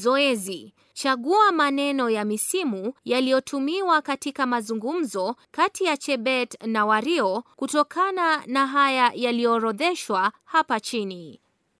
Zoezi: chagua maneno ya misimu yaliyotumiwa katika mazungumzo kati ya Chebet na Wario kutokana na haya yaliyoorodheshwa hapa chini.